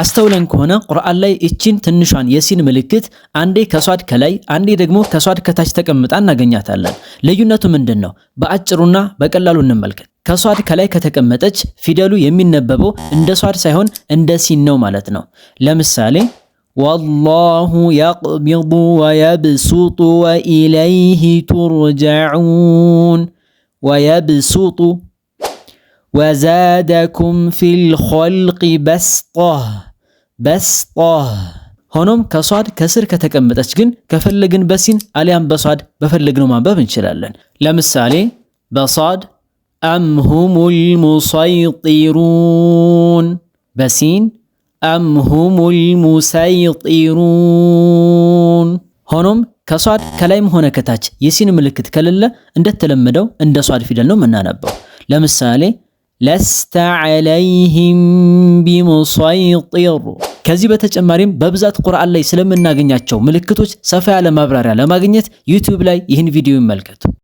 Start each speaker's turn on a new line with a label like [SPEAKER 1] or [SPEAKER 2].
[SPEAKER 1] አስተውለን ከሆነ ቁርአን ላይ እቺን ትንሿን የሲን ምልክት አንዴ ከሷድ ከላይ አንዴ ደግሞ ከሷድ ከታች ተቀምጣ እናገኛታለን። ልዩነቱ ምንድን ነው? በአጭሩና በቀላሉ እንመልከት። ከሷድ ከላይ ከተቀመጠች ፊደሉ የሚነበበው እንደ ሷድ ሳይሆን እንደ ሲን ነው ማለት ነው። ለምሳሌ ወላሁ የቅቢዱ ወየብሱጡ ወኢለይሂ ቱርጃዑን ወየብሱጡ ወዘደኩም ፊል ኸልቅ በስጣህ በስጣህ። ሆኖም ከሷድ ከስር ከተቀመጠች ግን ከፈለግን በሲን አሊያም በሷድ በፈለግነው ማንበብ እንችላለን። ለምሳሌ በሷድ አምሁሙል ሙሰይጢሩን፣ በሲን አምሁሙል ሙሰይጢሩን። ሆኖም ከሷድ ከላይም ሆነ ከታች የሲን ምልክት ከሌለ እንደተለመደው እንደ ሷድ ፊደል ነው የምናነበው። ለምሳሌ ለስተ ዐለይህም ቢሙሰይጢር። ከዚህ በተጨማሪም በብዛት ቁርአን ላይ ስለምናገኛቸው ምልክቶች ሰፋ ያለ ማብራሪያ ለማግኘት ዩቲዩብ ላይ ይህን ቪዲዮ ይመልከቱ።